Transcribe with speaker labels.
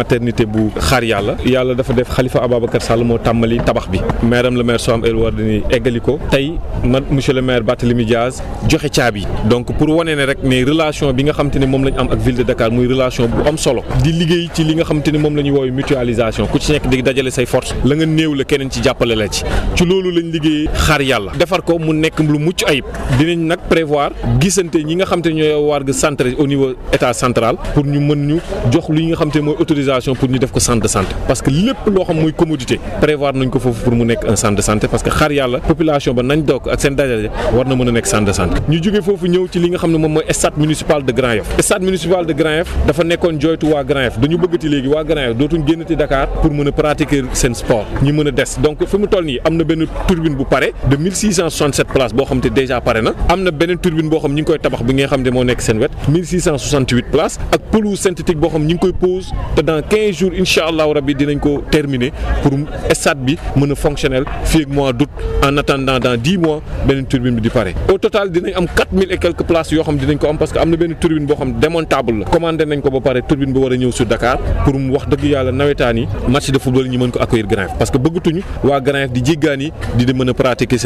Speaker 1: maternité bu xaar yàlla yàlla dafa def Khalifa Ababacar Sall tàmbali tabax bi maire am le maire Soham El Wardini eggali ko tey man monsieur le maire Barthélémy Diaz joxe caabi donc pour wane ne rek ne relation bi nga xam ne moom la ñu am ak ville de Dakar muy relation bu am solo di liggéey ci li nga xam ne moom la ñuy mutualisation ku ci nekk di dajale say force la nga néew la keneen ci jàppale la ci ci loolu lañ liggéey xaar yàlla defar autorisation pour ñu def ko centre de santé parce que lépp loo xam muy commodité prévoir nañ ko foofu pour mu nekk un centre de santé parce que xar yàlla population ba nañ doog ak seen dajale war na mën a nekk centre de santé ñu jógee foofu ñëw ci li nga xam ne moom mooy stade municipal de Grand Yoff stade municipal de Grand Yoff dafa nekkoon jooytu waa Grand Yoff dañu bëggati léegi waa Grand Yoff dootuñ génnati Dakar pour mën pratiquer seen sport ñu dans quinze jours incha allahu rabbi dinañ ko terminer pour stade bi mën a fonctionnel fii mois d'août en attendant dix mois beneen turbine bi di pare. au total dinañ am quatre mille et quelques places yoo xam dinañ ko am parce que am na benn turbine boo xam démontable la commandé nañ ko ba pare turbine bi war ñëw sur Dakar pour mu wax dëgg yàlla nawetaan yi match de football ñu mën ko accueillir Grand parce que bëggatuñu waa Grand di jéggaan yi di mën a pratiquer